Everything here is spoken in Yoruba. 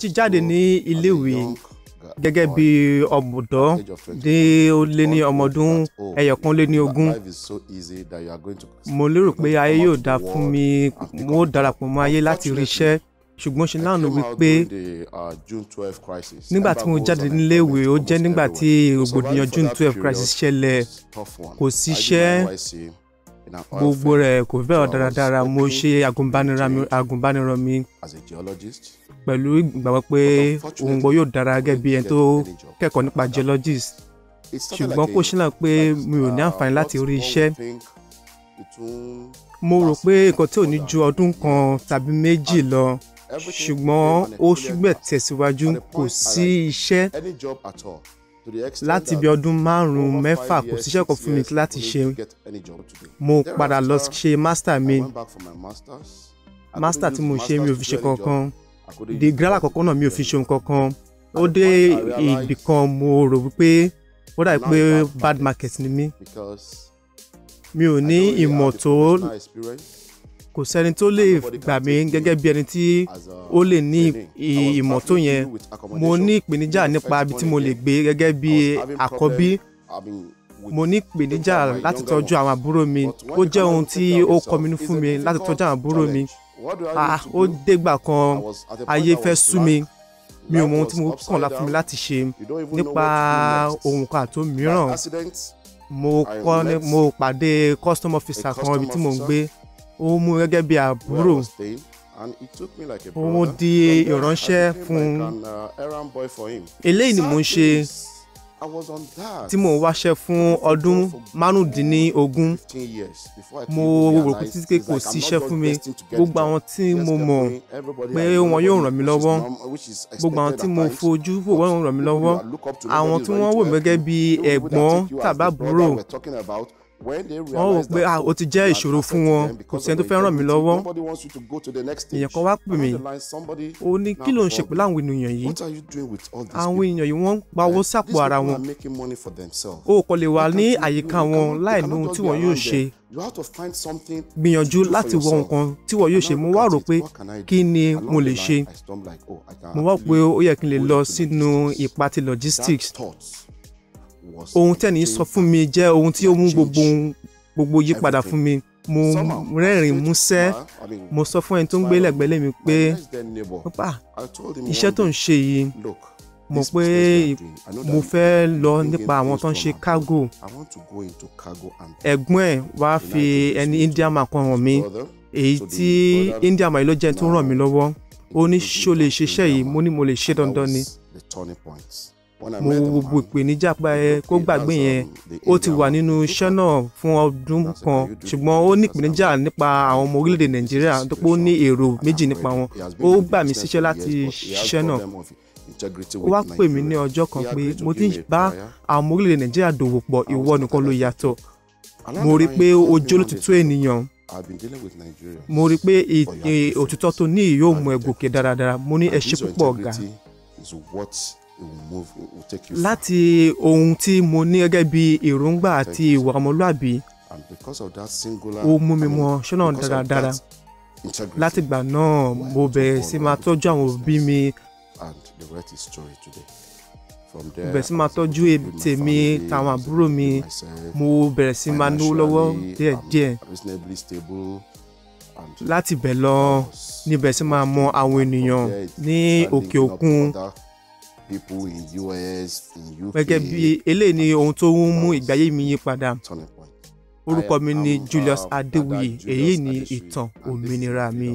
jíjáde ní iléèwé gẹ́gẹ́ bí ọ̀mùdọ́ dé ó lé ní ọmọdún ẹyọ̀kan lé ní ogún mo lérò pé ayé yóò dáa fún mi mo darapọ̀ mọ́ ayé láti rí iṣẹ́ ṣùgbọ́n ṣe lánàá wípé uh, nígbà tí mo jáde níléèwé ó jẹ́ nígbà tí rògbòdìyàn June twelve crisis ṣẹlẹ̀ kò síṣẹ́ gbogbo rẹ̀ kò fẹ́ dáradára mo ṣe agùnbánirọ̀ mi pẹ̀lú ìgbàgbọ́ pé ohun gbọ́ yóò dára gẹ́gẹ́ bí ẹni tó kẹ́kọ̀ọ́ nípa geologist ṣùgbọ́n kò ṣílẹ̀ pé mi ò ní uh, àǹfààní láti rí iṣẹ́ mo rò pé nǹkan tí ò ní ju ọdún kan tàbí méjì lọ ṣùgbọ́n ó ṣùgbẹ́ tẹ̀síwájú kò sí iṣẹ́ láti bí ọdún márùn-ún mẹ́fà kò síṣẹ́ kan fún mi láti ṣe mo padà lọ ṣe master mi master tí mo ṣe mi ò fi ṣe kankan degree alákọ̀ọ́kọ́ náà mi ò fi ṣe kankan ó dé ibì kan mo rò wípé ó dàbí pé bad market ni mí mi ò ní ìmọ̀ tó kò sẹ́ni tó lè gbà mí gẹ́gẹ́ bí ẹni tí ó lè ní ìmọ̀ tó yẹn mo ní ìpèníjà nípa ibi tí mo lè gbé gẹ́gẹ́ bí àkọ́bí mo ní ìpèníjà láti tọ́jú àwọn àbúrò mi ah, ó jẹ́ ohun tí ó kọminú fún mi láti tọ́jú àwọn àbúrò mi ah ó dégbà kan ayé fẹ́ sú mi mi ò mọ ohun tí mo kàn lá fún mi láti ṣe nípa ohun kan àti mìíràn mo kọ́ mo pàdé custom officer kan ibi tí mò ń gbé ó mú gẹ́gẹ́ bí àbúrò òun di ìránṣẹ́ fún un uh, eléyìí ni mò ń ṣe tí mò ń wáṣẹ́ fún ọdún márùndínlógún mo rò pé títí pé kò síṣẹ́ fún mi gbogbo àwọn tí mo mọ̀ pé wọn yóò ràn mí lọ́wọ́ gbogbo àwọn tí mo fojú wò wọ́n yóò ràn mí lọ́wọ́ àwọn tí wọ́n wò mí gẹ́gẹ́ bí ẹ̀gbọ́n tàbábúrò wọ́n rò pé ah, ó ti jẹ́ ìṣòro fún wọn kò sẹ́ni tó fẹ́ ràn mí lọ́wọ́ èèyàn kan wá pè mí ó ní kí ló ń ṣe pẹ̀lú àwọn ènìyàn yìí àwọn ènìyàn yìí wọ́n ń pawó eh, sápò ara wọn ó kò lè wà ní àyíká wọn láì ní ohun tí wọ́n yóò ṣe gbìyànjú láti wọ nǹkan tí wọ́n yóò ṣe oh, mo wá rò pé kí ni mo lè ṣe mo wá pé ó yẹ kí n lè lọ sínú ipa logistics ohun tẹ́ni sọ fún mi jẹ́ ohun tí ó mú gbogbo gbogbo yípadà fún mi mo rẹ́rìn músẹ́ mo sọ fún ẹni tó ń gbé lẹ́gbẹ̀lẹ́ mi pé pápá iṣẹ́ tó ń ṣe yìí mo pé mo fẹ́ lọ nípa àwọn tó ń ṣe cargo ẹ̀gbọ́n ẹ̀ wá fi ẹni Indian kan hàn mí èyí tí Indian yìí ló jẹ́ tó ràn mí lọ́wọ́ ó ní ṣó lè ṣiṣẹ́ yìí mo ní mo lè ṣe dandan ni mo gbogbo ìpèníjà pa ẹ kó gbàgbé um, yẹn ó ti wà nínú iṣẹ́ náà fún ọdún kan ṣùgbọ́n ó ní ìpèníjà nípa àwọn ọmọ orílẹ̀-èdè nàìjíríà tó pé ó ní èrò méjì nípa wọn ó gbà mí síṣẹ́ láti ṣiṣẹ́ náà ó wá pè mí ní ọjọ́ kan pé mo ti bá àwọn ọmọ orílẹ̀-èdè nàìjíríà dòwò pọ̀ ìwọ nìkan ló yàtọ̀ mo rí i pé ojú olótùtù ènìyàn mo rí i pé òtítọ́ tó ní yóò mú dáradára mo ní ẹ púpọ̀ ọ̀gá it will move it will take you far. láti ohun tí mo ní gẹ́gẹ́ bí èròǹgbà àti ìwà ọmọlúàbí ó mú mi mọ ṣọ́nà dáradára látìgbà náà mo bẹ̀rẹ̀ sí máa tọ́jú àwọn òbí mi bẹ̀rẹ̀ sí máa tọ́jú tèmi tàwọn àbúrò mi mo bẹ̀rẹ̀ sí máa náwó lọ́wọ́ díẹ̀díẹ̀ láti bẹ̀ lọ níbẹ̀ sí máa mọ àwọn ènìyàn ní òkè òkun people in US in UK. gẹ́gẹ́ bí eléyìí ni ohun tó ń mú ìgbáyé mi yí padà orúkọ mi ni um, Julius Adéwuyì èyí ni ìtàn òmìnira mi.